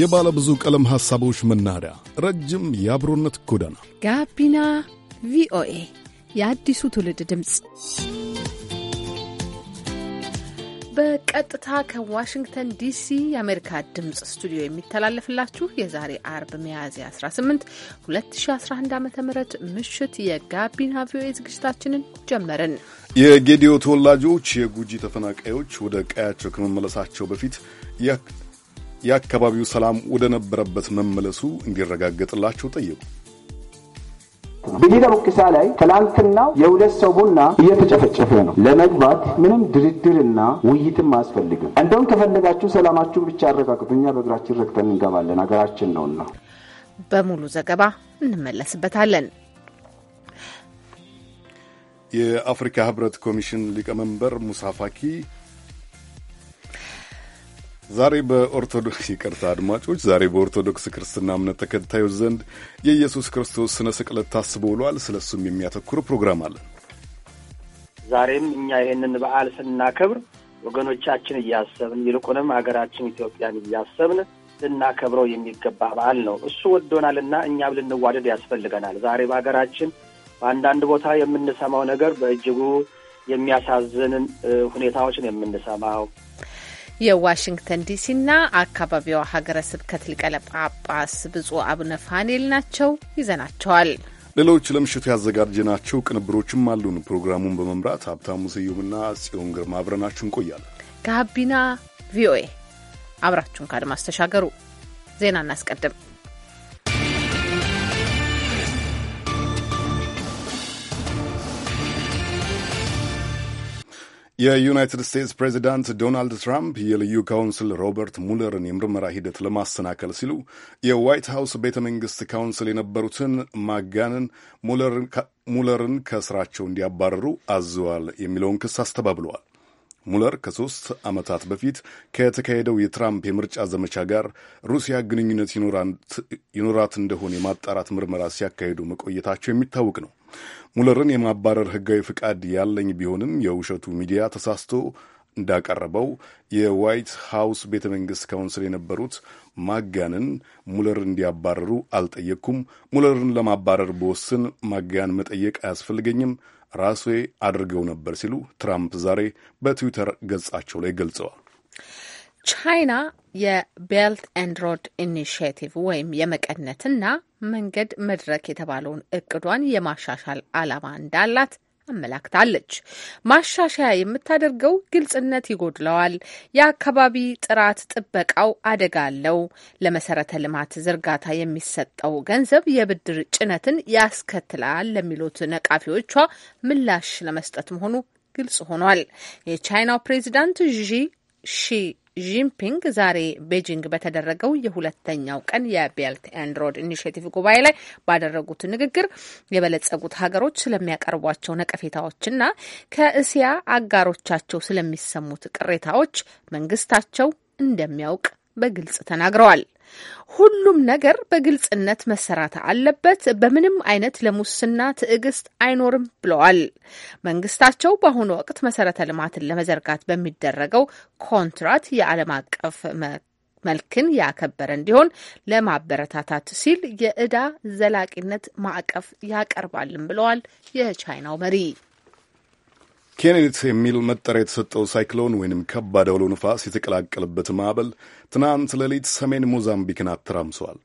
የባለ ብዙ ቀለም ሐሳቦች መናኸሪያ፣ ረጅም የአብሮነት ጎዳና ጋቢና ቪኦኤ የአዲሱ ትውልድ ድምፅ በቀጥታ ከዋሽንግተን ዲሲ የአሜሪካ ድምፅ ስቱዲዮ የሚተላለፍላችሁ የዛሬ አርብ ሚያዝያ 18 2011 ዓ ም ምሽት የጋቢና ቪኦኤ ዝግጅታችንን ጀመርን። የጌዲዮ ተወላጆች የጉጂ ተፈናቃዮች ወደ ቀያቸው ከመመለሳቸው በፊት የአካባቢው ሰላም ወደ ነበረበት መመለሱ እንዲረጋገጥላቸው ጠየቁ። ብሂደ ቦቅሳ ላይ ትላንትናው የሁለት ሰው ቡና እየተጨፈጨፈ ነው። ለመግባት ምንም ድርድርና ውይይትም አያስፈልግም። እንደውም ከፈለጋችሁ ሰላማችሁን ብቻ አረጋግጡ፣ እኛ በእግራችን ረግጠን እንገባለን፣ ሀገራችን ነውና። በሙሉ ዘገባ እንመለስበታለን። የአፍሪካ ህብረት ኮሚሽን ሊቀመንበር ሙሳ ፋኪ ዛሬ በኦርቶዶክስ ይቅርታ አድማጮች፣ ዛሬ በኦርቶዶክስ ክርስትና እምነት ተከታዮች ዘንድ የኢየሱስ ክርስቶስ ስነ ስቅለት ታስቦ ውሏል። ስለ እሱም የሚያተኩር ፕሮግራም አለን። ዛሬም እኛ ይህንን በዓል ስናከብር ወገኖቻችን እያሰብን ይልቁንም አገራችን ኢትዮጵያን እያሰብን ልናከብረው የሚገባ በዓል ነው። እሱ ወዶናልና እኛም ልንዋደድ ያስፈልገናል። ዛሬ በሀገራችን በአንዳንድ ቦታ የምንሰማው ነገር በእጅጉ የሚያሳዝን ሁኔታዎችን የምንሰማው የዋሽንግተን ዲሲና አካባቢዋ ሀገረ ስብከት ሊቀለ ጳጳስ ብፁዕ አቡነ ፋኔል ናቸው። ይዘናቸዋል። ሌሎች ለምሽቱ ያዘጋጀናቸው ቅንብሮችም አሉን። ፕሮግራሙን በመምራት ሀብታሙ ስዩምና ጽዮን ግርማ አብረናችሁ እንቆያለን። ጋቢና ቪኦኤ አብራችሁን ከአድማስ ተሻገሩ። ዜና እናስቀድም። የዩናይትድ ስቴትስ ፕሬዚዳንት ዶናልድ ትራምፕ የልዩ ካውንስል ሮበርት ሙለርን የምርመራ ሂደት ለማሰናከል ሲሉ የዋይት ሀውስ ቤተ መንግስት ካውንስል የነበሩትን ማጋንን ሙለርን ከስራቸው እንዲያባረሩ አዘዋል የሚለውን ክስ አስተባብለዋል። ሙለር ከሦስት ዓመታት በፊት ከተካሄደው የትራምፕ የምርጫ ዘመቻ ጋር ሩሲያ ግንኙነት ይኖራት እንደሆነ የማጣራት ምርመራ ሲያካሂዱ መቆየታቸው የሚታወቅ ነው። ሙለርን የማባረር ህጋዊ ፍቃድ ያለኝ ቢሆንም የውሸቱ ሚዲያ ተሳስቶ እንዳቀረበው የዋይት ሃውስ ቤተ መንግሥት ካውንስል የነበሩት ማጋንን ሙለር እንዲያባረሩ አልጠየቅኩም። ሙለርን ለማባረር በወስን ማጋን መጠየቅ አያስፈልገኝም ራሴ አድርገው ነበር ሲሉ ትራምፕ ዛሬ በትዊተር ገጻቸው ላይ ገልጸዋል። ቻይና የቤልት ኤንድ ሮድ ኢኒሽቲቭ ወይም የመቀነትና መንገድ መድረክ የተባለውን እቅዷን የማሻሻል ዓላማ እንዳላት አመላክታለች። ማሻሻያ የምታደርገው ግልጽነት ይጎድለዋል፣ የአካባቢ ጥራት ጥበቃው አደጋ አለው፣ ለመሰረተ ልማት ዝርጋታ የሚሰጠው ገንዘብ የብድር ጭነትን ያስከትላል ለሚሉት ነቃፊዎቿ ምላሽ ለመስጠት መሆኑ ግልጽ ሆኗል። የቻይናው ፕሬዚዳንት ዢ ሺ ጂንፒንግ ዛሬ ቤጂንግ በተደረገው የሁለተኛው ቀን የቤልት ኤንድ ሮድ ኢኒሽቲቭ ጉባኤ ላይ ባደረጉት ንግግር የበለጸጉት ሀገሮች ስለሚያቀርቧቸው ነቀፌታዎችና ከእስያ አጋሮቻቸው ስለሚሰሙት ቅሬታዎች መንግስታቸው እንደሚያውቅ በግልጽ ተናግረዋል። ሁሉም ነገር በግልጽነት መሰራት አለበት፣ በምንም አይነት ለሙስና ትዕግስት አይኖርም ብለዋል። መንግስታቸው በአሁኑ ወቅት መሰረተ ልማትን ለመዘርጋት በሚደረገው ኮንትራት የዓለም አቀፍ መልክን ያከበረ እንዲሆን ለማበረታታት ሲል የእዳ ዘላቂነት ማዕቀፍ ያቀርባልም ብለዋል የቻይናው መሪ። ኬኔት የሚል መጠሪያ የተሰጠው ሳይክሎን ወይንም ከባድ አውሎ ንፋስ የተቀላቀለበት ማዕበል ትናንት ሌሊት ሰሜን ሞዛምቢክን አተራምሰዋል።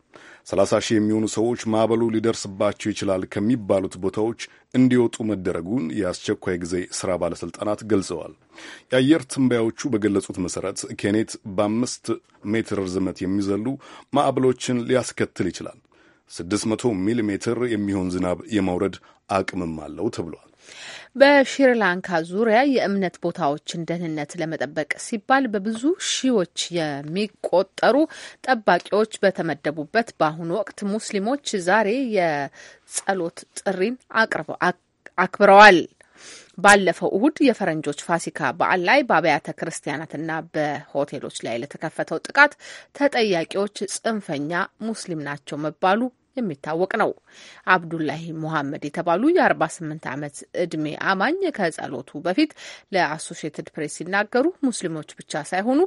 ሰላሳ ሺህ የሚሆኑ ሰዎች ማዕበሉ ሊደርስባቸው ይችላል ከሚባሉት ቦታዎች እንዲወጡ መደረጉን የአስቸኳይ ጊዜ ሥራ ባለሥልጣናት ገልጸዋል። የአየር ትንበያዎቹ በገለጹት መሠረት ኬኔት በአምስት ሜትር ርዝመት የሚዘሉ ማዕበሎችን ሊያስከትል ይችላል። ስድስት ሚሊ ሜትር የሚሆን ዝናብ የማውረድ አቅምም አለው ተብሏል። በሽሪላንካ ዙሪያ የእምነት ቦታዎችን ደህንነት ለመጠበቅ ሲባል በብዙ ሺዎች የሚቆጠሩ ጠባቂዎች በተመደቡበት በአሁኑ ወቅት ሙስሊሞች ዛሬ የጸሎት ጥሪን አክብረዋል። ባለፈው እሁድ የፈረንጆች ፋሲካ በዓል ላይ በአብያተ ክርስቲያናትና በሆቴሎች ላይ ለተከፈተው ጥቃት ተጠያቂዎች ጽንፈኛ ሙስሊም ናቸው መባሉ የሚታወቅ ነው። አብዱላሂ ሙሐመድ የተባሉ የ48 ዓመት ዕድሜ አማኝ ከጸሎቱ በፊት ለአሶሽየትድ ፕሬስ ሲናገሩ ሙስሊሞች ብቻ ሳይሆኑ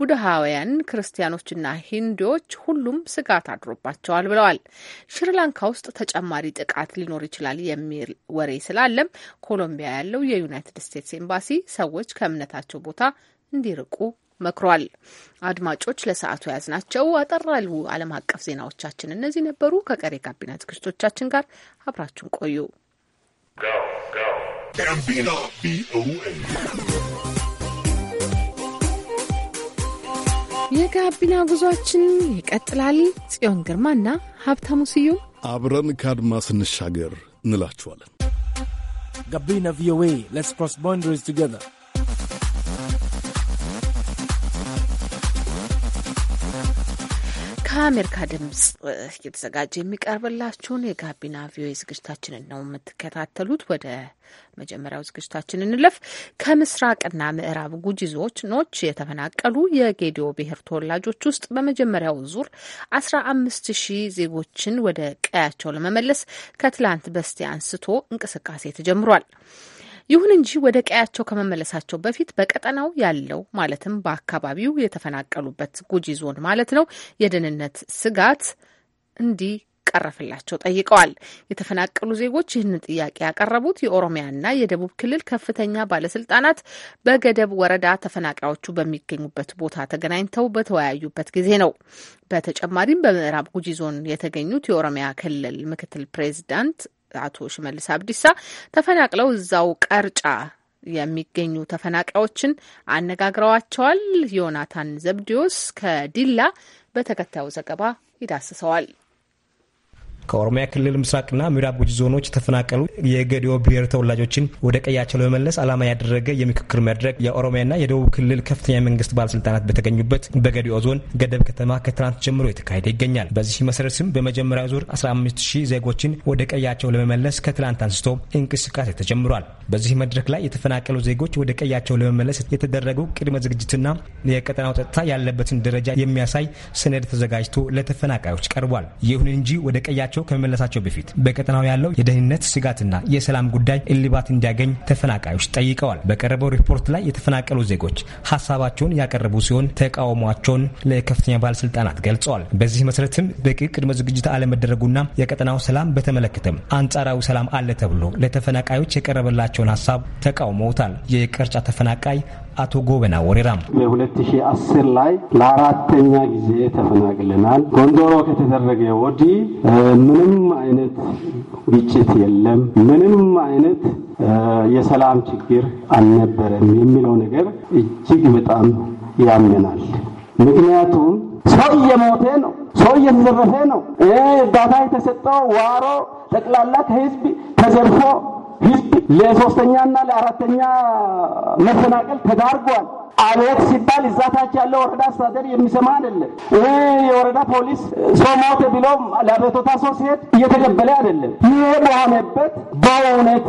ቡድሃውያን፣ ክርስቲያኖችና ሂንዲዎች ሁሉም ስጋት አድሮባቸዋል ብለዋል። ሽሪላንካ ውስጥ ተጨማሪ ጥቃት ሊኖር ይችላል የሚል ወሬ ስላለም ኮሎምቢያ ያለው የዩናይትድ ስቴትስ ኤምባሲ ሰዎች ከእምነታቸው ቦታ እንዲርቁ መክሯል። አድማጮች ለሰዓቱ የያዝናቸው አጠር ያሉ ዓለም አቀፍ ዜናዎቻችን እነዚህ ነበሩ። ከቀሪ ጋቢና ዝግጅቶቻችን ጋር አብራችሁን ቆዩ። የጋቢና ጉዟችን ይቀጥላል። ጽዮን ግርማና ሀብታሙ ስዩም አብረን ከአድማ ስንሻገር እንላችኋለን። ጋቢና ቪኦኤ ሌትስ ክሮስ ቦንደሪስ ቱጌዘር ከአሜሪካ ድምጽ እየተዘጋጀ የሚቀርብላችሁን የጋቢና ቪኦኤ ዝግጅታችንን ነው የምትከታተሉት። ወደ መጀመሪያው ዝግጅታችን እንለፍ። ከምስራቅና ምዕራብ ጉጂ ዞኖች የተፈናቀሉ የጌዲዮ ብሔር ተወላጆች ውስጥ በመጀመሪያው ዙር አስራ አምስት ሺህ ዜጎችን ወደ ቀያቸው ለመመለስ ከትላንት በስቲያ አንስቶ እንቅስቃሴ ተጀምሯል። ይሁን እንጂ ወደ ቀያቸው ከመመለሳቸው በፊት በቀጠናው ያለው ማለትም በአካባቢው የተፈናቀሉበት ጉጂ ዞን ማለት ነው የደህንነት ስጋት እንዲህ ቀረፍላቸው ጠይቀዋል። የተፈናቀሉ ዜጎች ይህንን ጥያቄ ያቀረቡት የኦሮሚያና የደቡብ ክልል ከፍተኛ ባለስልጣናት በገደብ ወረዳ ተፈናቃዮቹ በሚገኙበት ቦታ ተገናኝተው በተወያዩበት ጊዜ ነው። በተጨማሪም በምዕራብ ጉጂ ዞን የተገኙት የኦሮሚያ ክልል ምክትል ፕሬዚዳንት አቶ ሽመልስ አብዲሳ ተፈናቅለው እዛው ቀርጫ የሚገኙ ተፈናቃዮችን አነጋግረዋቸዋል። ዮናታን ዘብዲዮስ ከዲላ በተከታዩ ዘገባ ይዳስሰዋል። ከኦሮሚያ ክልል ምስራቅና ምዕራብ ጉጂ ዞኖች የተፈናቀሉ የገዲኦ ብሔር ተወላጆችን ወደ ቀያቸው ለመመለስ ዓላማ ያደረገ የምክክር መድረክ የኦሮሚያና የደቡብ ክልል ከፍተኛ የመንግስት ባለስልጣናት በተገኙበት በገዲኦ ዞን ገደብ ከተማ ከትናንት ጀምሮ የተካሄደ ይገኛል። በዚህ መሰረት ስም በመጀመሪያ ዙር 150 ዜጎችን ወደ ቀያቸው ለመመለስ ከትላንት አንስቶ እንቅስቃሴ ተጀምሯል። በዚህ መድረክ ላይ የተፈናቀሉ ዜጎች ወደ ቀያቸው ለመመለስ የተደረጉ ቅድመ ዝግጅትና የቀጠናው ጸጥታ ያለበትን ደረጃ የሚያሳይ ሰነድ ተዘጋጅቶ ለተፈናቃዮች ቀርቧል። ይሁን እንጂ ወደ ቀያቸው ወደየቤታቸው ከመመለሳቸው በፊት በቀጠናው ያለው የደህንነት ስጋትና የሰላም ጉዳይ እልባት እንዲያገኝ ተፈናቃዮች ጠይቀዋል። በቀረበው ሪፖርት ላይ የተፈናቀሉ ዜጎች ሀሳባቸውን ያቀረቡ ሲሆን ተቃውሟቸውን ለከፍተኛ ባለስልጣናት ገልጸዋል። በዚህ መሰረትም በቂ ቅድመ ዝግጅት አለመደረጉና የቀጠናው ሰላም በተመለከተም አንጻራዊ ሰላም አለ ተብሎ ለተፈናቃዮች የቀረበላቸውን ሀሳብ ተቃውመውታል። የቅርጫ ተፈናቃይ አቶ ጎበና ወሬራም በ2010 ላይ ለአራተኛ ጊዜ ተፈናቅለናል። ጎንደሮ ከተደረገ ወዲህ ምንም አይነት ግጭት የለም፣ ምንም አይነት የሰላም ችግር አልነበረም የሚለው ነገር እጅግ በጣም ያምናል። ምክንያቱም ሰው እየሞተ ነው፣ ሰው እየተዘረፈ ነው። እርዳታ የተሰጠው ዋሮ ጠቅላላ ከህዝብ ተዘርፎ ለሶስተኛ ለሶስተኛና ለአራተኛ መፈናቀል ተዳርጓል። አቤት ሲባል እዛታች ያለው ወረዳ አስተዳደር የሚሰማ አይደለም። ይህ የወረዳ ፖሊስ ሰው ሞተ ብለው ለአቤቶታ ሰው ሲሄድ እየተቀበለ አይደለም። ይህ በሆነበት በእውነት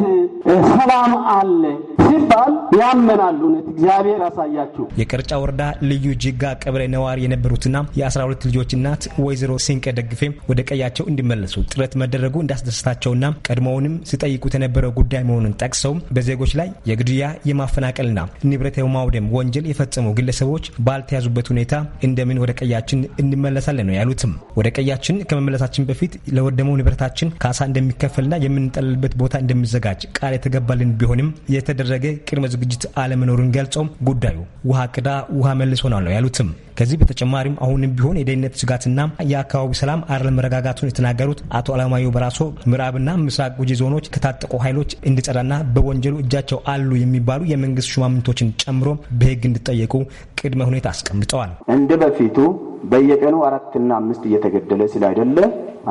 ሰላም አለ ሲባል ያመናሉ። እውነት እግዚአብሔር አሳያችሁ። የቅርጫ ወረዳ ልዩ ጅጋ ቀበሌ ነዋሪ የነበሩትና የአስራ ሁለት ልጆች እናት ወይዘሮ ሲንቀ ደግፌ ወደ ቀያቸው እንዲመለሱ ጥረት መደረጉ እንዳስደስታቸውና ቀድሞውንም ሲጠይቁት የነበረው ጉዳይ መሆኑን ጠቅሰው በዜጎች ላይ የግድያ የማፈናቀልና ንብረት የማውደም ወንጀል የፈጸሙ ግለሰቦች ባልተያዙበት ሁኔታ እንደምን ወደ ቀያችን እንመለሳለን ነው ያሉትም። ወደ ቀያችን ከመመለሳችን በፊት ለወደመው ንብረታችን ካሳ እንደሚከፈልና የምንጠለልበት ቦታ እንደሚዘጋጅ ቃል የተገባልን ቢሆንም የተደረገ የተደረገ ቅድመ ዝግጅት አለመኖሩን ገልጸው ጉዳዩ ውሃ ቅዳ ውሃ መልሶናል ነው ያሉትም። ከዚህ በተጨማሪም አሁንም ቢሆን የደህንነት ስጋትና የአካባቢ ሰላም አለመረጋጋቱን የተናገሩት አቶ አለማየሁ በራሶ ምዕራብና ምስራቅ ጉጂ ዞኖች ከታጠቁ ኃይሎች እንዲጸዳና በወንጀሉ እጃቸው አሉ የሚባሉ የመንግስት ሹማምንቶችን ጨምሮ በህግ እንዲጠየቁ ቅድመ ሁኔታ አስቀምጠዋል። እንደ በፊቱ በየቀኑ አራትና አምስት እየተገደለ አይደለ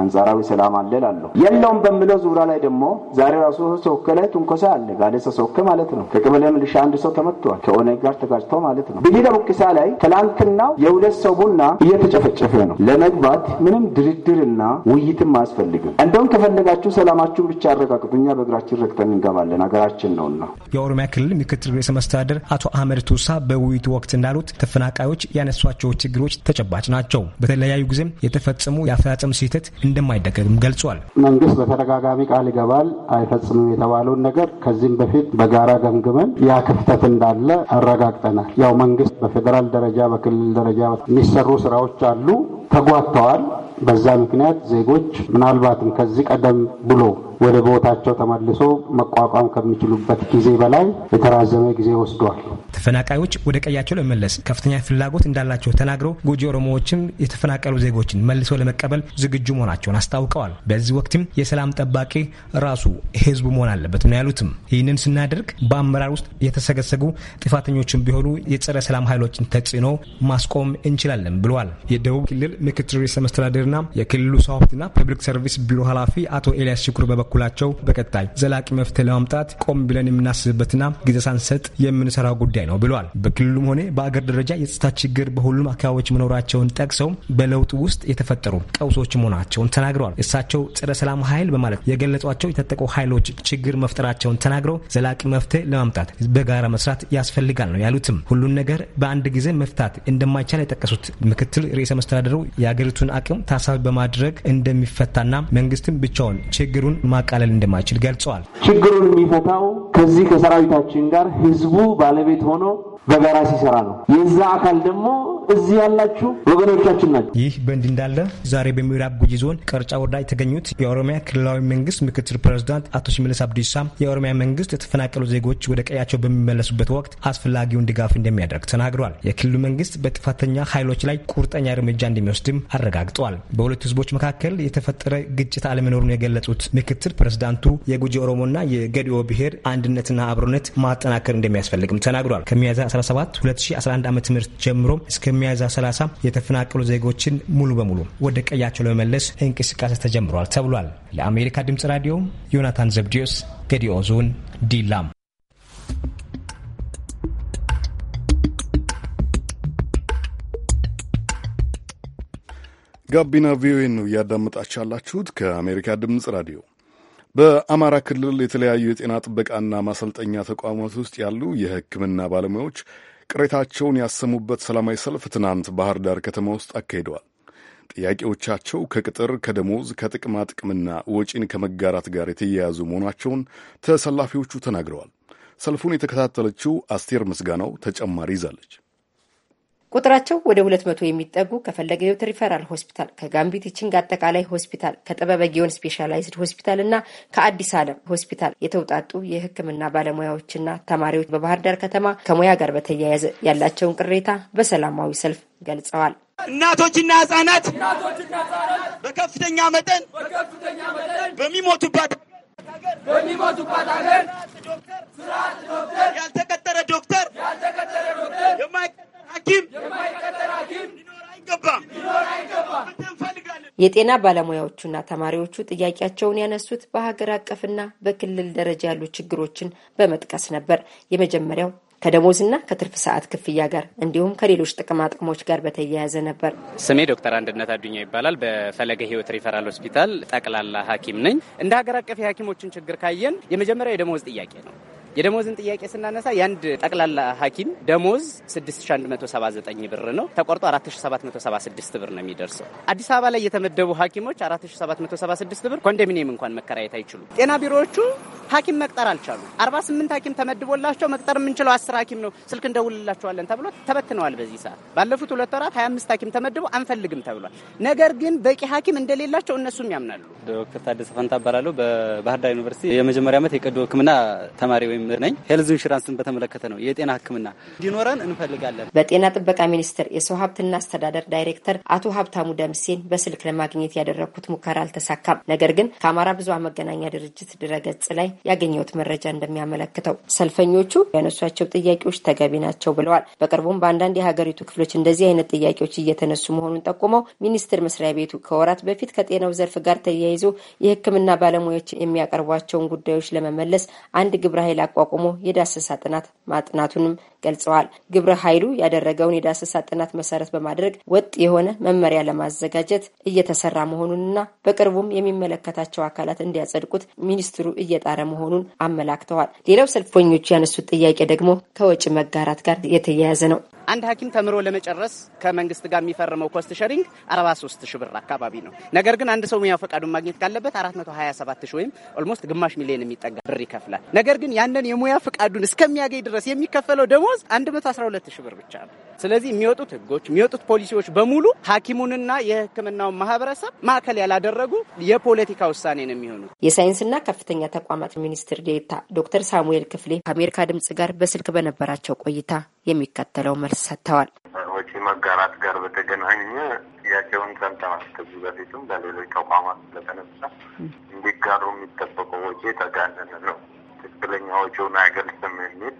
አንጻራዊ ሰላም አለ ላለሁ የለውም በሚለው ዙራ ላይ ደግሞ ዛሬ ራሱ ሶኬ ላይ ትንኮሳ አለ። ጋዴሳ ሶኬ ማለት ነው። ከቀበሌ ምልሻ አንድ ሰው ተመትቷል፣ ከኦነግ ጋር ተጋጭቶ ማለት ነው። ብሂደ ቡቅሳ ላይ ትላንትናው የሁለት ሰው ቡና እየተጨፈጨፈ ነው። ለመግባት ምንም ድርድርና ውይይትም አያስፈልግም። እንደውም ከፈለጋችሁ ሰላማችሁን ብቻ አረጋግጡኛ በእግራችን ረግጠን እንገባለን፣ ሀገራችን ነውና። የኦሮሚያ ክልል ምክትል ርዕሰ መስተዳደር አቶ አህመድ ቱሳ በውይይቱ ወቅት እንዳሉት ተፈናቃዮች ያነሷቸው ችግሮች ተጨባጭ ናቸው። በተለያዩ ጊዜም የተፈጸሙ የአፈጻጸም ስህተት እንደማይደገግም ገልጿል። መንግስት በተደጋጋሚ ቃል ይገባል፣ አይፈጽምም የተባለውን ነገር ከዚህም በፊት በጋራ ገምግመን ያ ክፍተት እንዳለ አረጋግጠናል። ያው መንግስት በፌዴራል ደረጃ በክልል ደረጃ የሚሰሩ ስራዎች አሉ። ተጓተዋል። በዛ ምክንያት ዜጎች ምናልባትም ከዚህ ቀደም ብሎ ወደ ቦታቸው ተመልሶ መቋቋም ከሚችሉበት ጊዜ በላይ የተራዘመ ጊዜ ወስዷል። ተፈናቃዮች ወደ ቀያቸው ለመመለስ ከፍተኛ ፍላጎት እንዳላቸው ተናግረው ጎጂ ኦሮሞዎችም የተፈናቀሉ ዜጎችን መልሶ ለመቀበል ዝግጁ መሆናቸውን አስታውቀዋል። በዚህ ወቅትም የሰላም ጠባቂ ራሱ ህዝቡ መሆን አለበት ነው ያሉትም። ይህንን ስናደርግ በአመራር ውስጥ የተሰገሰጉ ጥፋተኞችን ቢሆኑ የጸረ ሰላም ኃይሎችን ተጽዕኖ ማስቆም እንችላለን ብለዋል። የደቡብ ክልል ምክትል ርዕሰ መስተዳደርና የክልሉ ሰዋፍትና ፐብሊክ ሰርቪስ ቢሮ ኃላፊ አቶ ኤልያስ ሽኩር በበኩላቸው በቀጣይ ዘላቂ መፍትሄ ለማምጣት ቆም ብለን የምናስብበትና ጊዜ ሳንሰጥ የምንሰራው ጉዳይ ነው ብለዋል። በክልሉም ሆነ በአገር ደረጃ የጸጥታ ችግር በሁሉም አካባቢዎች መኖራቸውን ጠቅሰው በለውጥ ውስጥ የተፈጠሩ ቀውሶች መሆናቸውን ተናግረዋል። እሳቸው ጸረ ሰላም ኃይል በማለት የገለጿቸው የታጠቁ ኃይሎች ችግር መፍጠራቸውን ተናግረው ዘላቂ መፍትሄ ለማምጣት በጋራ መስራት ያስፈልጋል ነው ያሉትም። ሁሉን ነገር በአንድ ጊዜ መፍታት እንደማይቻል የጠቀሱት ምክትል ርዕሰ መስተዳደሩ የሀገሪቱን አቅም ታሳቢ በማድረግ እንደሚፈታና መንግስትም ብቻውን ችግሩን ማቃለል እንደማይችል ገልጸዋል። ችግሩን የሚፈታው ከዚህ ከሰራዊታችን ጋር ህዝቡ ባለቤት ሆኖ በጋራ ሲሰራ ነው። የዛ አካል ደግሞ እዚህ ያላችሁ ወገኖቻችን ናቸው። ይህ በእንዲህ እንዳለ ዛሬ በምዕራብ ጉጂ ዞን ቀርጫ ወረዳ የተገኙት የኦሮሚያ ክልላዊ መንግስት ምክትል ፕሬዚዳንት አቶ ሽመልስ አብዲሳ የኦሮሚያ መንግስት የተፈናቀሉ ዜጎች ወደ ቀያቸው በሚመለሱበት ወቅት አስፈላጊውን ድጋፍ እንደሚያደርግ ተናግሯል። የክልሉ መንግስት በጥፋተኛ ኃይሎች ላይ ቁርጠኛ እርምጃ እንደሚወስድም አረጋግጠዋል። በሁለቱ ህዝቦች መካከል የተፈጠረ ግጭት አለመኖሩን የገለጹት ምክትል ፕሬዚዳንቱ የጉጂ ኦሮሞና የገዲኦ ብሔር አንድነትና አብሮነት ማጠናከር እንደሚያስፈልግም ተናግሯል። ከሚያዝያ 2017 2011 ዓ ም ጀምሮ እስከ ሚያዝያ 30 የተፈናቀሉ ዜጎችን ሙሉ በሙሉ ወደ ቀያቸው ለመመለስ እንቅስቃሴ ተጀምሯል ተብሏል። ለአሜሪካ ድምጽ ራዲዮ ዮናታን ዘብዲዮስ ገዲኦ ዞን ዲላም። ጋቢና ቪኦኤ ነው እያዳመጣችሁ ያላችሁት ከአሜሪካ ድምፅ ራዲዮ በአማራ ክልል የተለያዩ የጤና ጥበቃና ማሰልጠኛ ተቋማት ውስጥ ያሉ የሕክምና ባለሙያዎች ቅሬታቸውን ያሰሙበት ሰላማዊ ሰልፍ ትናንት ባህር ዳር ከተማ ውስጥ አካሂደዋል። ጥያቄዎቻቸው ከቅጥር፣ ከደሞዝ፣ ከጥቅማ ጥቅምና ወጪን ከመጋራት ጋር የተያያዙ መሆናቸውን ተሰላፊዎቹ ተናግረዋል። ሰልፉን የተከታተለችው አስቴር ምስጋናው ተጨማሪ ይዛለች። ቁጥራቸው ወደ 200 መቶ የሚጠጉ ከፈለገ ሕይወት ሪፈራል ሆስፒታል፣ ከጋምቢ ቺንግ አጠቃላይ ሆስፒታል፣ ከጥበበ ጊዮን ስፔሻላይዝድ ሆስፒታል እና ከአዲስ ዓለም ሆስፒታል የተውጣጡ የሕክምና ባለሙያዎችና ተማሪዎች በባህር ዳር ከተማ ከሙያ ጋር በተያያዘ ያላቸውን ቅሬታ በሰላማዊ ሰልፍ ገልጸዋል። እናቶችና ህጻናት በከፍተኛ መጠን በሚሞቱባት በሚሞቱባት ሀገር ያልተቀጠረ ዶክተር ሐኪም ሊኖር አይገባም። የጤና ባለሙያዎቹና ተማሪዎቹ ጥያቄያቸውን ያነሱት በሀገር አቀፍና በክልል ደረጃ ያሉ ችግሮችን በመጥቀስ ነበር። የመጀመሪያው ከደሞዝና ከትርፍ ሰዓት ክፍያ ጋር እንዲሁም ከሌሎች ጥቅማጥቅሞች ጋር በተያያዘ ነበር። ስሜ ዶክተር አንድነት አዱኛ ይባላል። በፈለገ ሕይወት ሪፈራል ሆስፒታል ጠቅላላ ሐኪም ነኝ። እንደ ሀገር አቀፍ የሐኪሞችን ችግር ካየን የመጀመሪያው የደሞዝ ጥያቄ ነው። የደሞዝን ጥያቄ ስናነሳ የአንድ ጠቅላላ ሐኪም ደሞዝ 6179 ብር ነው ተቆርጦ 4776 ብር ነው የሚደርሰው። አዲስ አበባ ላይ የተመደቡ ሐኪሞች 4776 ብር ኮንዶሚኒየም እንኳን መከራየት አይችሉም። ጤና ቢሮዎቹ ሐኪም መቅጠር አልቻሉ። 48 ሐኪም ተመድቦላቸው መቅጠር የምንችለው 10 ሐኪም ነው፣ ስልክ እንደውልላቸዋለን ተብሎ ተበትነዋል። በዚህ ሰዓት ባለፉት ሁለት ወራት 25 ሐኪም ተመድቦ አንፈልግም ተብሏል። ነገር ግን በቂ ሐኪም እንደሌላቸው እነሱም ያምናሉ። ዶክተር ታደሰ ፈንታ እባላለሁ። በባህር ዳር ዩኒቨርሲቲ የመጀመሪያ ዓመት የቀዶ ሕክምና ተማሪ ወይም ነኝ። ሄልዝ ኢንሹራንስን በተመለከተ ነው። የጤና ሕክምና እንዲኖረን እንፈልጋለን። በጤና ጥበቃ ሚኒስቴር የሰው ሀብትና አስተዳደር ዳይሬክተር አቶ ሀብታሙ ደምሴን በስልክ ለማግኘት ያደረግኩት ሙከራ አልተሳካም። ነገር ግን ከአማራ ብዙኃን መገናኛ ድርጅት ድረገጽ ላይ ያገኘሁት መረጃ እንደሚያመለክተው ሰልፈኞቹ ያነሷቸው ጥያቄዎች ተገቢ ናቸው ብለዋል። በቅርቡም በአንዳንድ የሀገሪቱ ክፍሎች እንደዚህ አይነት ጥያቄዎች እየተነሱ መሆኑን ጠቁመው ሚኒስቴር መስሪያ ቤቱ ከወራት በፊት ከጤናው ዘርፍ ጋር ተያይዞ የሕክምና ባለሙያዎች የሚያቀርቧቸውን ጉዳዮች ለመመለስ አንድ ግብረ ኃይል አቋቁሞ የዳሰሳ ጥናት ማጥናቱንም ገልጸዋል። ግብረ ኃይሉ ያደረገውን የዳሰሳ ጥናት መሰረት በማድረግ ወጥ የሆነ መመሪያ ለማዘጋጀት እየተሰራ መሆኑንና በቅርቡም የሚመለከታቸው አካላት እንዲያጸድቁት ሚኒስትሩ እየጣረ መሆኑን አመላክተዋል። ሌላው ሰልፈኞቹ ያነሱት ጥያቄ ደግሞ ከወጪ መጋራት ጋር የተያያዘ ነው። አንድ ሐኪም ተምሮ ለመጨረስ ከመንግስት ጋር የሚፈርመው ኮስት ሸሪንግ 43 ሺ ብር አካባቢ ነው። ነገር ግን አንድ ሰው ሙያ ፈቃዱን ማግኘት ካለበት 427 ሺ ወይም ኦልሞስት ግማሽ ሚሊዮን የሚጠጋ ብር ይከፍላል። ነገር ግን ያንን የሙያ ፈቃዱን እስከሚያገኝ ድረስ የሚከፈለው ደግሞ ደሞዝ 112 ሺህ ብር ብቻ ነው። ስለዚህ የሚወጡት ህጎች የሚወጡት ፖሊሲዎች በሙሉ ሐኪሙንና የሕክምናውን ማህበረሰብ ማዕከል ያላደረጉ የፖለቲካ ውሳኔ ነው የሚሆኑት። የሳይንስና ከፍተኛ ተቋማት ሚኒስትር ዴታ ዶክተር ሳሙኤል ክፍሌ ከአሜሪካ ድምጽ ጋር በስልክ በነበራቸው ቆይታ የሚከተለው መልስ ሰጥተዋል። ወጪ መጋራት ጋር በተገናኘ ጥያቄውን ሰምተናል። ከዚህ በፊትም በሌሎች ተቋማት ስለተነሳ እንዲጋሩ የሚጠበቀው ወጪ የተጋነነ ነው፣ ትክክለኛ ወጪውን አይገልጽም የሚል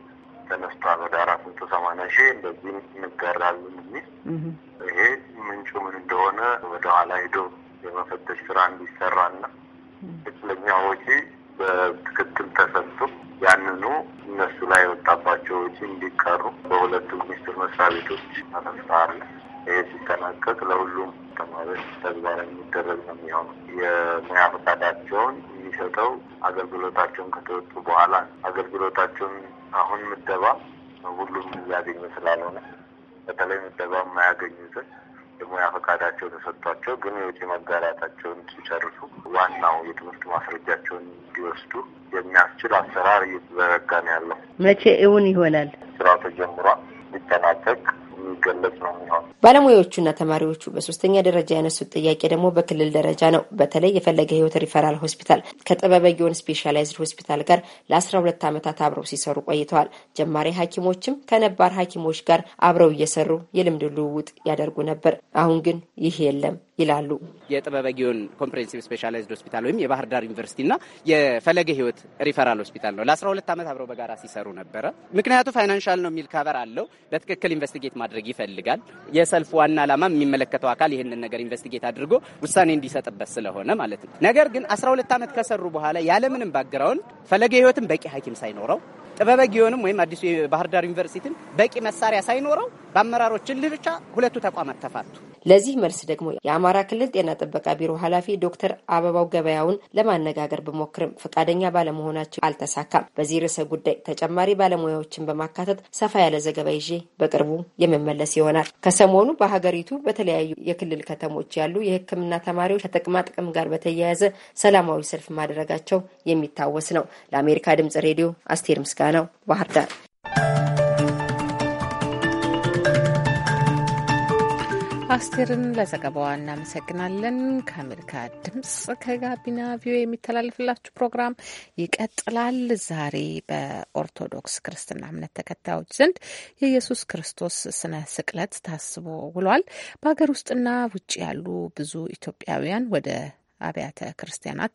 ተነስቷል ወደ አራት መቶ ሰማንያ ሺህ እንደዚህ እንገራለን የሚል ይሄ ምንጩ ምን እንደሆነ ወደኋላ ሄዶ የመፈተሽ ስራ እንዲሰራ ና ትክክለኛ ወጪ በትክክል ተሰጥቶ ያንኑ እነሱ ላይ የወጣባቸው ወጪ እንዲቀሩ በሁለቱ ሚኒስትር መስሪያ ቤቶች ተነስተዋል። ይህ ሲጠናቀቅ ለሁሉም ተማሪዎች ተግባር የሚደረግ ነው የሚሆነው። የሙያ ፈቃዳቸውን የሚሰጠው አገልግሎታቸውን ከተወጡ በኋላ አገልግሎታቸውን አሁን ምደባ ሁሉም እያገኙ ስላልሆነ በተለይ ምደባ የማያገኙትን የሙያ ፈቃዳቸው ተሰጥቷቸው ግን የውጭ መጋራታቸውን ሲጨርሱ ዋናው የትምህርት ማስረጃቸውን እንዲወስዱ የሚያስችል አሰራር እየተዘረጋ ነው ያለው። መቼ እውን ይሆናል? ስራው ተጀምሯል፣ ሊጠናቀቅ የሚገለጽ ነው የሚሆን። ባለሙያዎቹና ተማሪዎቹ በሶስተኛ ደረጃ ያነሱት ጥያቄ ደግሞ በክልል ደረጃ ነው። በተለይ የፈለገ ህይወት ሪፈራል ሆስፒታል ከጥበበጊዮን ስፔሻላይዝድ ሆስፒታል ጋር ለአስራ ሁለት ዓመታት አብረው ሲሰሩ ቆይተዋል። ጀማሪ ሐኪሞችም ከነባር ሐኪሞች ጋር አብረው እየሰሩ የልምድ ልውውጥ ያደርጉ ነበር። አሁን ግን ይህ የለም። ይላሉ። የጥበበ ጊዮን ኮምፕሬንሲቭ ስፔሻላይዝድ ሆስፒታል ወይም የባህር ዳር ዩኒቨርሲቲና የፈለገ ህይወት ሪፈራል ሆስፒታል ነው ለአስራ ሁለት ዓመት አብረው በጋራ ሲሰሩ ነበረ። ምክንያቱ ፋይናንሻል ነው የሚል ከበር አለው። በትክክል ኢንቨስቲጌት ማድረግ ይፈልጋል። የሰልፍ ዋና ዓላማ የሚመለከተው አካል ይህንን ነገር ኢንቨስቲጌት አድርጎ ውሳኔ እንዲሰጥበት ስለሆነ ማለት ነው። ነገር ግን ሁለት ዓመት ከሰሩ በኋላ ያለምንም ባግራውን ፈለገ ህይወትን በቂ ሐኪም ሳይኖረው ጥበበ ጊዮንም ወይም አዲሱ የባህር ዳር ዩኒቨርሲቲም በቂ መሳሪያ ሳይኖረው በአመራሮችን ልብቻ ብቻ ሁለቱ ተቋማት ተፋቱ። ለዚህ መልስ ደግሞ የአማራ ክልል ጤና ጥበቃ ቢሮ ኃላፊ ዶክተር አበባው ገበያውን ለማነጋገር ብሞክርም ፈቃደኛ ባለመሆናቸው አልተሳካም። በዚህ ርዕሰ ጉዳይ ተጨማሪ ባለሙያዎችን በማካተት ሰፋ ያለ ዘገባ ይዤ በቅርቡ የመመለስ ይሆናል። ከሰሞኑ በሀገሪቱ በተለያዩ የክልል ከተሞች ያሉ የሕክምና ተማሪዎች ከጥቅማ ጥቅም ጋር በተያያዘ ሰላማዊ ሰልፍ ማድረጋቸው የሚታወስ ነው። ለአሜሪካ ድምጽ ሬዲዮ አስቴር ምስጋናው ባህር ዳር። አስቴርን ለዘገባዋ እናመሰግናለን። ከአሜሪካ ድምጽ ከጋቢና ቪኦኤ የሚተላለፍላችሁ ፕሮግራም ይቀጥላል። ዛሬ በኦርቶዶክስ ክርስትና እምነት ተከታዮች ዘንድ የኢየሱስ ክርስቶስ ስነ ስቅለት ታስቦ ውሏል። በሀገር ውስጥና ውጭ ያሉ ብዙ ኢትዮጵያውያን ወደ አብያተ ክርስቲያናት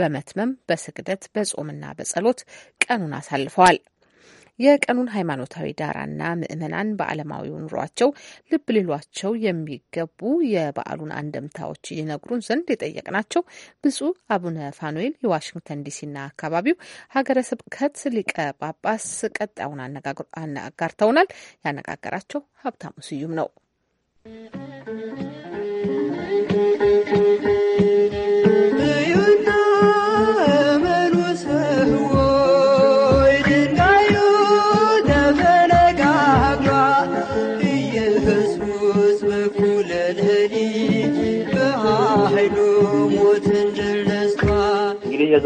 በመትመም በስግደት በጾምና በጸሎት ቀኑን አሳልፈዋል። የቀኑን ሃይማኖታዊ ዳራና ምዕመናን በአለማዊ ኑሯቸው ልብ ሊሏቸው የሚገቡ የበዓሉን አንደምታዎች ይነግሩን ዘንድ የጠየቅናቸው ብፁዕ አቡነ ፋኑኤል የዋሽንግተን ዲሲና አካባቢው ሀገረ ስብከት ሊቀ ጳጳስ ቀጣዩን አጋርተውናል። ያነጋገራቸው ሀብታሙ ስዩም ነው።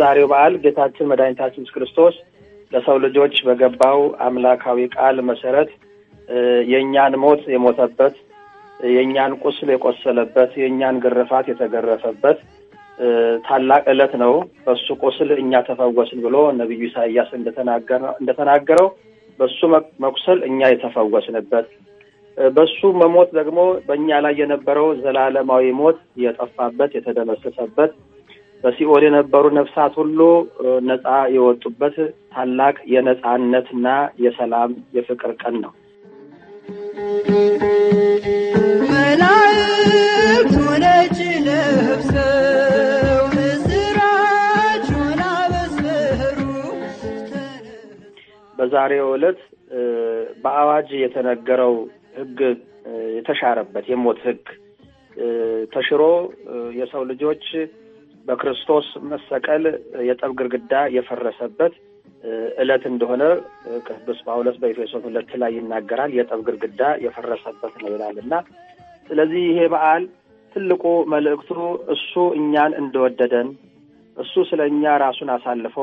በዛሬው በዓል ጌታችን መድኃኒታችን ኢየሱስ ክርስቶስ ለሰው ልጆች በገባው አምላካዊ ቃል መሰረት የእኛን ሞት የሞተበት፣ የእኛን ቁስል የቆሰለበት፣ የእኛን ግርፋት የተገረፈበት ታላቅ ዕለት ነው። በሱ ቁስል እኛ ተፈወስን ብሎ ነቢዩ ኢሳያስ እንደተናገረው በሱ መቁሰል እኛ የተፈወስንበት፣ በሱ መሞት ደግሞ በእኛ ላይ የነበረው ዘላለማዊ ሞት የጠፋበት የተደመሰሰበት በሲኦል የነበሩ ነፍሳት ሁሉ ነፃ የወጡበት ታላቅ የነፃነትና የሰላም የፍቅር ቀን ነው። መላእክቱ ነጭ ለብሰው ምስራቹን አበሰሩ። በዛሬው ዕለት በአዋጅ የተነገረው ሕግ የተሻረበት የሞት ሕግ ተሽሮ የሰው ልጆች በክርስቶስ መሰቀል የጠብ ግርግዳ የፈረሰበት ዕለት እንደሆነ ቅዱስ ጳውሎስ በኤፌሶን ሁለት ላይ ይናገራል። የጠብ ግርግዳ የፈረሰበት ነው ይላል እና ስለዚህ ይሄ በዓል ትልቁ መልእክቱ እሱ እኛን እንደወደደን እሱ ስለ እኛ ራሱን አሳልፎ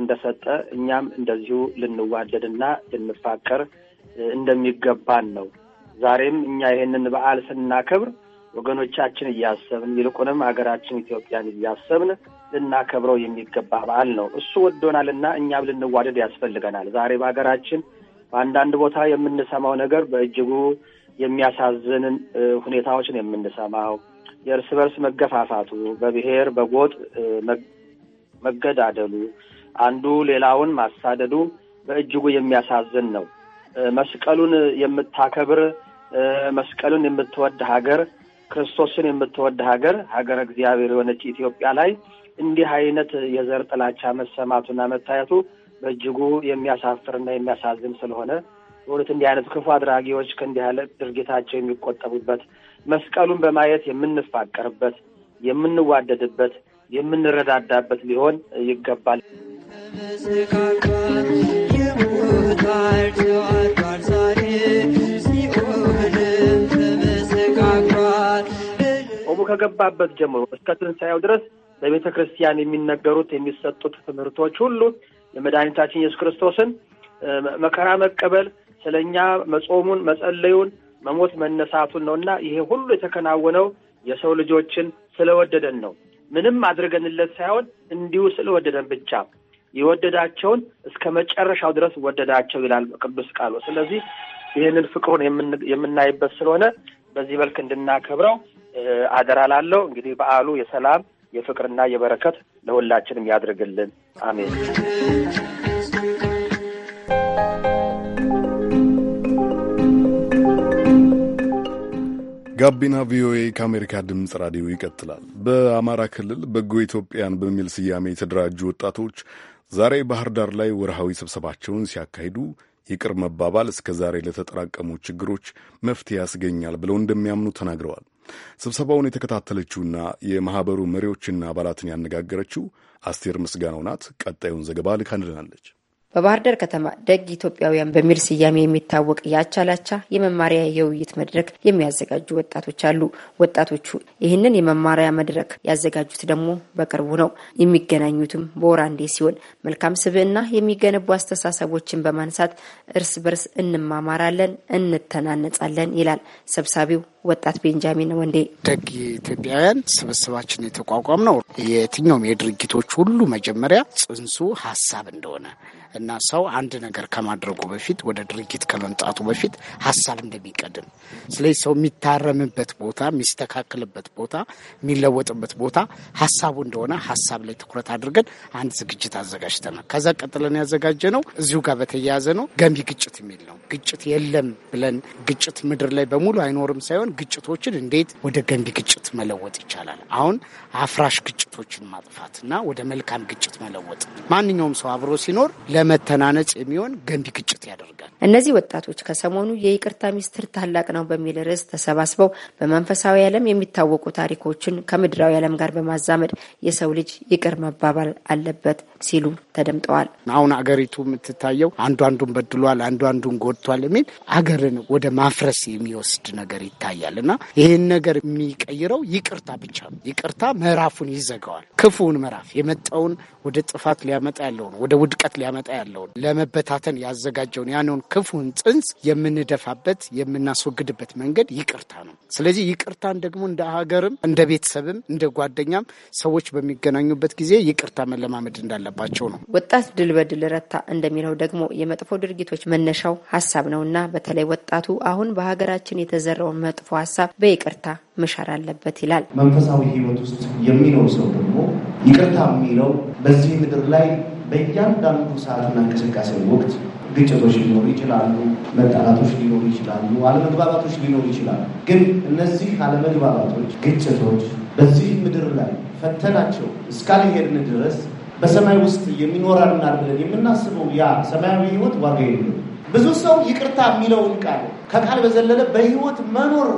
እንደሰጠ እኛም እንደዚሁ ልንዋደድና ልንፋቀር እንደሚገባን ነው። ዛሬም እኛ ይሄንን በዓል ስናከብር ወገኖቻችን እያሰብን ይልቁንም ሀገራችን ኢትዮጵያን እያሰብን ልናከብረው የሚገባ በዓል ነው። እሱ እና እኛም ልንዋደድ ያስፈልገናል። ዛሬ በሀገራችን በአንዳንድ ቦታ የምንሰማው ነገር በእጅጉ የሚያሳዝን ሁኔታዎች የምንሰማው። የእርስ በርስ መገፋፋቱ፣ በብሔር በጎጥ መገዳደሉ፣ አንዱ ሌላውን ማሳደዱ በእጅጉ የሚያሳዝን ነው። መስቀሉን የምታከብር መስቀሉን የምትወድ ሀገር ክርስቶስን የምትወድ ሀገር ሀገረ እግዚአብሔር የሆነች ኢትዮጵያ ላይ እንዲህ አይነት የዘር ጥላቻ መሰማቱና መታየቱ በእጅጉ የሚያሳፍርና የሚያሳዝን ስለሆነ በእውነት እንዲህ አይነት ክፉ አድራጊዎች ከእንዲህ ያለ ድርጊታቸው የሚቆጠቡበት መስቀሉን በማየት የምንፋቀርበት፣ የምንዋደድበት፣ የምንረዳዳበት ሊሆን ይገባል። ከገባበት ጀምሮ እስከ ትንሣኤው ድረስ በቤተ ክርስቲያን የሚነገሩት የሚሰጡት ትምህርቶች ሁሉ የመድኃኒታችን ኢየሱስ ክርስቶስን መከራ መቀበል ስለ እኛ መጾሙን፣ መጸለዩን፣ መሞት መነሳቱን ነው እና ይሄ ሁሉ የተከናወነው የሰው ልጆችን ስለወደደን ነው። ምንም አድርገንለት ሳይሆን እንዲሁ ስለወደደን ብቻ የወደዳቸውን እስከ መጨረሻው ድረስ ወደዳቸው ይላል ቅዱስ ቃሉ። ስለዚህ ይህንን ፍቅሩን የምናይበት ስለሆነ በዚህ መልክ እንድናከብረው አደራ ላለው እንግዲህ በዓሉ የሰላም የፍቅርና የበረከት ለሁላችንም ያድርግልን። አሜን። ጋቢና ቪኦኤ ከአሜሪካ ድምፅ ራዲዮ ይቀጥላል። በአማራ ክልል በጎ ኢትዮጵያን በሚል ስያሜ የተደራጁ ወጣቶች ዛሬ ባህር ዳር ላይ ወርሃዊ ስብሰባቸውን ሲያካሂዱ ይቅር መባባል እስከ ዛሬ ለተጠራቀሙ ችግሮች መፍትሄ ያስገኛል ብለው እንደሚያምኑ ተናግረዋል። ስብሰባውን የተከታተለችውና የማኅበሩ መሪዎችና አባላትን ያነጋገረችው አስቴር ምስጋናው ናት። ቀጣዩን ዘገባ ልካንልናለች። በባህር ዳር ከተማ ደግ ኢትዮጵያውያን በሚል ስያሜ የሚታወቅ የአቻላቻ የመማሪያ የውይይት መድረክ የሚያዘጋጁ ወጣቶች አሉ። ወጣቶቹ ይህንን የመማሪያ መድረክ ያዘጋጁት ደግሞ በቅርቡ ነው። የሚገናኙትም በወር አንዴ ሲሆን መልካም ስብዕና የሚገነቡ አስተሳሰቦችን በማንሳት እርስ በርስ እንማማራለን፣ እንተናነጻለን ይላል ሰብሳቢው ወጣት ቤንጃሚን ወንዴ። ደግ ኢትዮጵያውያን ስብስባችን የተቋቋም ነው። የትኛውም የድርጊቶች ሁሉ መጀመሪያ ጽንሱ ሀሳብ እንደሆነ እና ሰው አንድ ነገር ከማድረጉ በፊት ወደ ድርጊት ከመምጣቱ በፊት ሀሳብ እንደሚቀድም፣ ስለዚህ ሰው የሚታረምበት ቦታ፣ የሚስተካከልበት ቦታ፣ የሚለወጥበት ቦታ ሀሳቡ እንደሆነ ሀሳብ ላይ ትኩረት አድርገን አንድ ዝግጅት አዘጋጅተናል። ከዛ ቀጥለን ያዘጋጀ ነው እዚሁ ጋር በተያያዘ ነው ገንቢ ግጭት የሚል ነው። ግጭት የለም ብለን ግጭት ምድር ላይ በሙሉ አይኖርም ሳይሆን ግጭቶችን እንዴት ወደ ገንቢ ግጭት መለወጥ ይቻላል? አሁን አፍራሽ ግጭቶችን ማጥፋት እና ወደ መልካም ግጭት መለወጥ። ማንኛውም ሰው አብሮ ሲኖር ለመተናነጽ የሚሆን ገንቢ ግጭት ያደርጋል። እነዚህ ወጣቶች ከሰሞኑ የይቅርታ ሚስትር ታላቅ ነው በሚል ርዕስ ተሰባስበው በመንፈሳዊ ዓለም የሚታወቁ ታሪኮችን ከምድራዊ ዓለም ጋር በማዛመድ የሰው ልጅ ይቅር መባባል አለበት ሲሉ ተደምጠዋል። አሁን አገሪቱ የምትታየው አንዱ አንዱን በድሏል፣ አንዱ አንዱን ጎድቷል የሚል አገርን ወደ ማፍረስ የሚወስድ ነገር ይታያል። ይታያል። እና ይህን ነገር የሚቀይረው ይቅርታ ብቻ ነው። ይቅርታ ምዕራፉን ይዘጋዋል። ክፉውን ምዕራፍ የመጣውን ወደ ጥፋት ሊያመጣ ያለውን ወደ ውድቀት ሊያመጣ ያለውን ለመበታተን ያዘጋጀውን ያንን ክፉን ጽንስ የምንደፋበት የምናስወግድበት መንገድ ይቅርታ ነው። ስለዚህ ይቅርታን ደግሞ እንደ ሀገርም እንደ ቤተሰብም እንደ ጓደኛም ሰዎች በሚገናኙበት ጊዜ ይቅርታ መለማመድ እንዳለባቸው ነው። ወጣት ድል በድል ረታ እንደሚለው ደግሞ የመጥፎ ድርጊቶች መነሻው ሀሳብ እና በተለይ ወጣቱ አሁን በሀገራችን የተዘራውን መጥፎ ያቀረብከው ሀሳብ በይቅርታ መሻር አለበት ይላል። መንፈሳዊ ሕይወት ውስጥ የሚኖር ሰው ደግሞ ይቅርታ የሚለው በዚህ ምድር ላይ በእያንዳንዱ ሰዓትና እንቅስቃሴ ወቅት ግጭቶች ሊኖሩ ይችላሉ፣ መጣላቶች ሊኖሩ ይችላሉ፣ አለመግባባቶች ሊኖሩ ይችላሉ። ግን እነዚህ አለመግባባቶች፣ ግጭቶች በዚህ ምድር ላይ ፈተናቸው እስካልሄድን ድረስ በሰማይ ውስጥ የሚኖረናል ብለን የምናስበው ያ ሰማያዊ ሕይወት ዋጋ የለውም። ብዙ ሰው ይቅርታ የሚለውን ቃል ከቃል በዘለለ በህይወት መኖር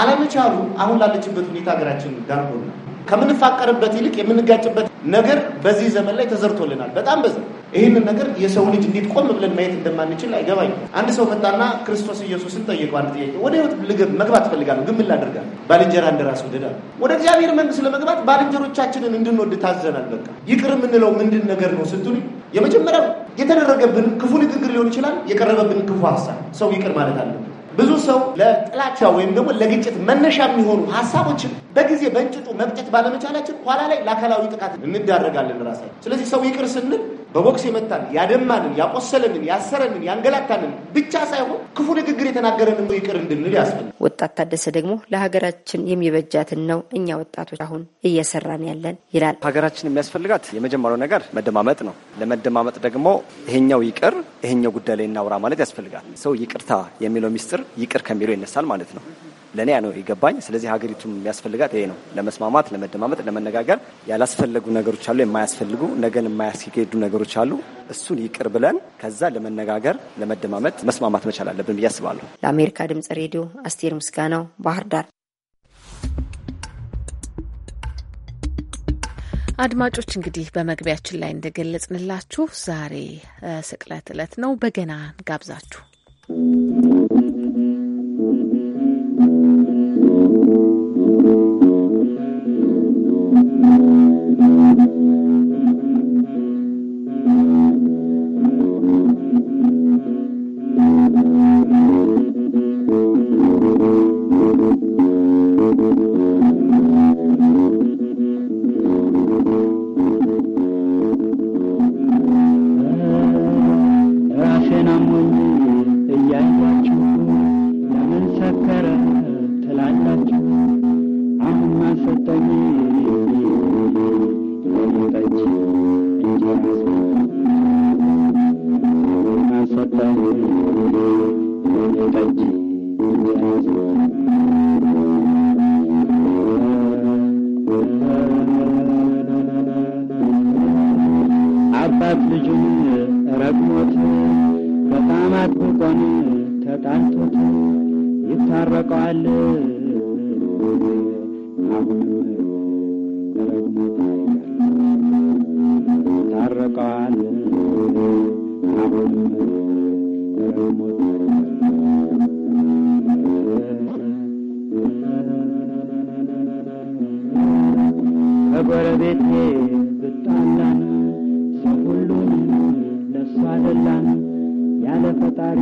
አለመቻሉ አሁን ላለችበት ሁኔታ ሀገራችን ዳርጎና ከምንፋቀርበት ይልቅ የምንጋጭበት ነገር በዚህ ዘመን ላይ ተዘርቶልናል። በጣም በዛ ይህንን ነገር የሰው ልጅ እንዴት ቆም ብለን ማየት እንደማንችል አይገባኝ። አንድ ሰው መጣና ክርስቶስ ኢየሱስን ጠየቀው። አንድ ጥያቄ ወደ ህይወት መግባት ፈልጋለሁ፣ ግን ምን ላደርጋለሁ? ባልንጀራ እንደራስ ውደዳል። ወደ እግዚአብሔር መንግስት ለመግባት ባልንጀሮቻችንን እንድንወድ ታዘናል። በቃ ይቅር የምንለው ምንድን ነገር ነው ስትሉ የመጀመሪያው የተደረገብን ክፉ ንግግር ሊሆን ይችላል፣ የቀረበብን ክፉ ሀሳብ ሰው ይቅር ማለት አለብን። ብዙ ሰው ለጥላቻ ወይም ደግሞ ለግጭት መነሻ የሚሆኑ ሀሳቦችን በጊዜ በእንጭጡ መብጨት ባለመቻላችን ኋላ ላይ ለአካላዊ ጥቃት እንዳረጋለን ራሳችን። ስለዚህ ሰው ይቅር ስንል በቦክስ የመታን ያደማንን፣ ያቆሰለንን፣ ያሰረንን፣ ያንገላታንን ብቻ ሳይሆን ክፉ ንግግር የተናገረንን ይቅር እንድንል ያስፈልጋል። ወጣት ታደሰ ደግሞ ለሀገራችን የሚበጃትን ነው እኛ ወጣቶች አሁን እየሰራን ያለን ይላል። ሀገራችን የሚያስፈልጋት የመጀመሪያው ነገር መደማመጥ ነው። ለመደማመጥ ደግሞ ይሄኛው ይቅር ይሄኛው ጉዳይ ላይ እናውራ ማለት ያስፈልጋል። ሰው ይቅርታ የሚለው ሚስጥር ይቅር ከሚለው ይነሳል ማለት ነው። ለእኔ ነው የገባኝ። ስለዚህ ሀገሪቱም የሚያስፈልጋት ይሄ ነው፣ ለመስማማት፣ ለመደማመጥ፣ ለመነጋገር። ያላስፈለጉ ነገሮች አሉ፣ የማያስፈልጉ ነገን የማያስኬዱ ነገሮች አሉ። እሱን ይቅር ብለን ከዛ ለመነጋገር፣ ለመደማመጥ፣ መስማማት መቻል አለብን ብዬ አስባለሁ። ለአሜሪካ ድምጽ ሬዲዮ አስቴር ምስጋናው ባህር ዳር። አድማጮች እንግዲህ በመግቢያችን ላይ እንደገለጽንላችሁ ዛሬ ስቅለት ዕለት ነው። በገና ጋብዛችሁ ከጎረቤቴ ብጣላን ሰው ሁሉን ለሷ ያለ ፈጣሪ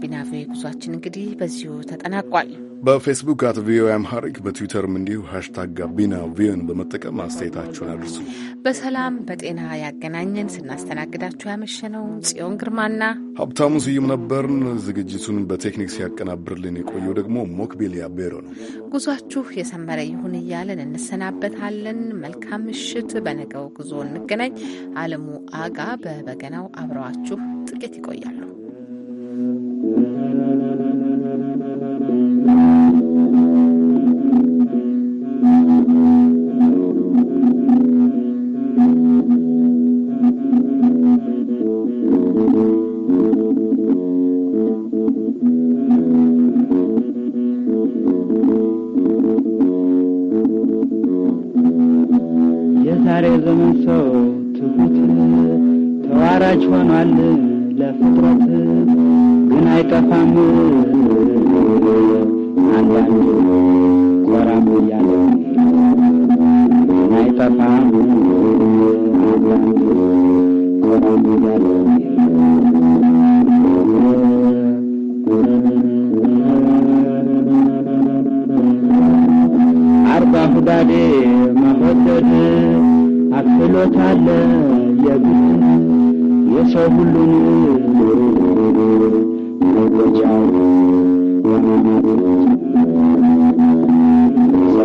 ጋቢና ቪኦኤ ጉዟችን እንግዲህ በዚሁ ተጠናቋል። በፌስቡክ አት ቪኦኤ አምሃሪክ በትዊተርም እንዲሁ ሃሽታግ ጋቢና ቪኦኤን በመጠቀም አስተያየታችሁን አድርሱ። በሰላም በጤና ያገናኘን። ስናስተናግዳችሁ ያመሸነው ጽዮን ግርማና ሀብታሙ ስዩም ነበርን። ዝግጅቱን በቴክኒክ ሲያቀናብርልን የቆየው ደግሞ ሞክቢል ያቤሮ ነው። ጉዟችሁ የሰመረ ይሁን እያለን እንሰናበታለን። መልካም ምሽት። በነገው ጉዞ እንገናኝ። አለሙ አጋ በበገናው አብረዋችሁ ጥቂት ይቆያሉ። የዛሬ ዘመን ሰው ትሁት ተዋራጅ ሆኗል ለፍጥረት ግን አይጠፋም አንዳንዱ ጎራ እያለ አይጠፋ ጎራ እያለ አርባ ሁዳዴ መወደድ አክሎታል የግን የሰው ሁሉን መረጃው